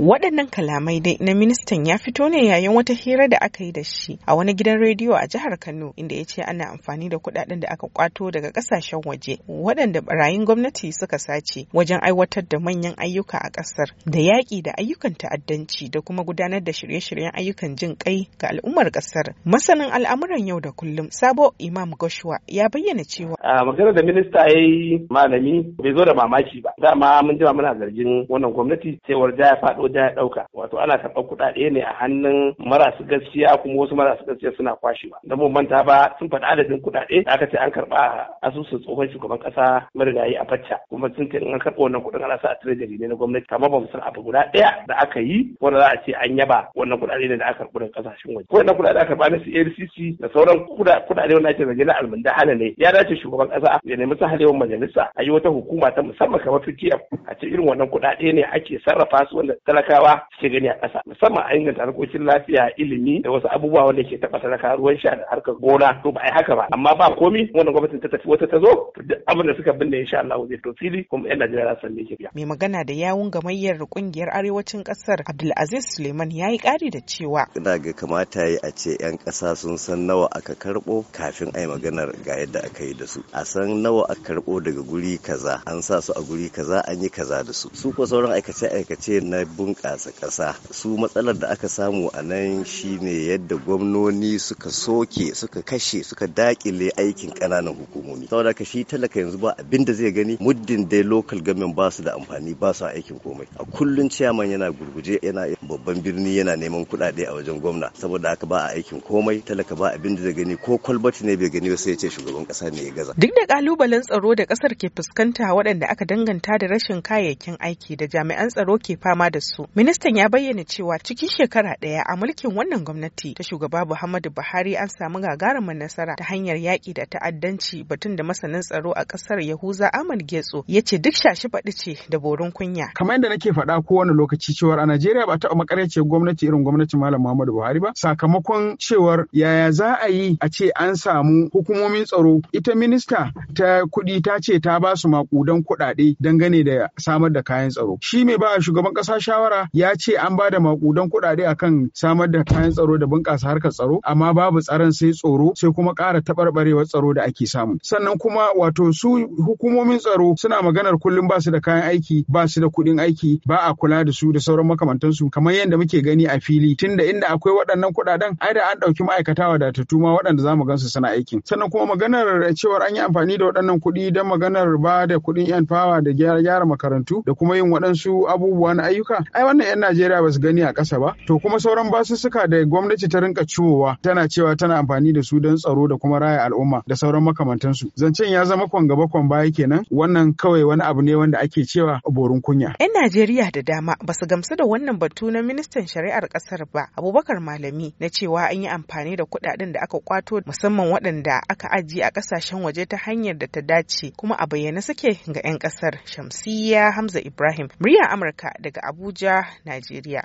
Waɗannan kalamai dai na ministan ya fito ne yayin wata hira da aka yi da shi a wani gidan rediyo a jihar Kano inda ya ce ana amfani da kuɗaɗen da aka kwato daga ƙasashen waje waɗanda barayin gwamnati suka sace wajen aiwatar da manyan ayyuka a ƙasar da yaƙi da ayyukan ta'addanci da kuma gudanar da shirye-shiryen ayyukan jin kai ga al'ummar ƙasar. Masanin al'amuran yau da kullum Sabo Imam Goshua ya bayyana cewa. A maganar da minista ya yi malami bai zo da mamaki ba. Dama mun jima muna zargin wannan gwamnati cewar ja faɗo soja ya ɗauka wato ana karɓar kuɗaɗe ne a hannun marasu gaskiya kuma wasu marasu gaskiya suna kwashewa don mun manta ba sun faɗi adadin kuɗaɗe da aka ce an karɓa asusun tsohon shugaban ƙasa marigayi a facca kuma sun ce an karɓa wannan kuɗin ana sa a tirejari ne na gwamnati kama ba mu san abu guda ɗaya da aka yi wanda za a ce an yaba wannan kuɗaɗe ne da aka karɓi daga ƙasashen waje wannan kuɗaɗe aka karɓa na CRCC da sauran kuɗaɗe wanda ake zargi na hana ne ya dace shugaban ƙasa ya nemi halewar majalisa a yi wata hukuma ta musamman kamar PTF a ce irin wannan kuɗaɗe ne ake sarrafa su wanda talakawa suke gani a ƙasa musamman a inganta harkokin lafiya ilimi da wasu abubuwa wanda ke taɓa talaka ruwan sha da harkar gona to ba a yi haka ba amma ba komi wannan gwamnatin ta tafi wata ta zo duk abin da suka binne insha Allah zai to fili kuma yan Najeriya za su san me mai magana da yawun gamayyar kungiyar arewacin ƙasar Abdulaziz Suleiman yayi yi ƙari da cewa ina ga kamata yi a ce yan ƙasa sun san nawa aka karɓo kafin a yi maganar ga yadda aka yi da su a san nawa aka karɓo daga guri kaza an sa su a guri kaza an yi kaza da su su ko sauran aikace aikace na bunƙasa ƙasa su matsalar da aka samu a nan shine yadda gwamnoni suka soke suka kashe suka dakile aikin ƙananan hukumomi saboda ka shi talaka yanzu ba abin da zai gani muddin dai local government ba su da amfani ba su aikin komai a kullun ciyaman yana gurguje yana babban birni yana neman kuɗaɗe a wajen gwamna saboda haka ba a aikin komai talaka ba abin da zai gani ko kwalbati ne bai gani ba sai ya ce shugaban ƙasa ne ya gaza duk da kalubalen tsaro da ƙasar ke fuskanta waɗanda aka danganta da rashin kayayyakin aiki da jami'an tsaro ke fama da su Ministan ya bayyana cewa cikin shekara ɗaya a mulkin wannan gwamnati ta shugaba Muhammadu Buhari an samu gagarumin nasara ta hanyar yaƙi da ta'addanci batun da masanin tsaro a ƙasar Yahuza Ahmad Getso ya ce duk shashi faɗi ce da borin kunya. Kamar yadda nake faɗa kowane lokaci cewar a Najeriya ba taɓa makaryaciyar gwamnati irin gwamnatin Malam Muhammadu Buhari ba sakamakon cewar yaya za a yi a ce an samu hukumomin tsaro ita minista ta kuɗi ta ce ta ba su maƙudan kuɗaɗe dangane da samar da kayan tsaro. Shi mai ba shugaban ƙasa shawara shawara ya ce an ba da makudan kuɗaɗe akan samar da kayan tsaro da bunƙasa harkar tsaro amma babu tsaron sai tsoro sai kuma ƙara taɓarɓarewar tsaro da ake samu sannan kuma wato su hukumomin tsaro suna maganar kullum ba su da kayan aiki ba su da kuɗin aiki ba a kula da su da sauran makamantansu kamar yadda muke gani a fili tunda inda akwai waɗannan kuɗaɗen ai da an ɗauki ma'aikata wadatattu ma waɗanda za mu gansu suna aikin sannan kuma maganar cewar an yi amfani da waɗannan kuɗi don maganar ba da kuɗin yan fawa da gyara makarantu da kuma yin waɗansu abubuwa na ayyuka ai wannan 'yan najeriya ba su gani a ƙasa ba to kuma sauran basussuka da gwamnati ta rinka ciwowa tana cewa tana amfani da su don tsaro da kuma raya al'umma da sauran makamantansu zancen ya zama kwan gaba baya kenan wannan kawai wani abu ne wanda ake cewa borin kunya 'yan najeriya da dama ba su gamsu da wannan batu na ministan shari'ar ƙasar ba abubakar malami na cewa an yi amfani da kuɗaɗen da aka kwato musamman waɗanda aka ajiye a ƙasashen waje ta hanyar da ta dace kuma a bayyane suke ga 'yan ƙasar shamsiya hamza ibrahim muryar amurka daga abuja 国儿尼几点？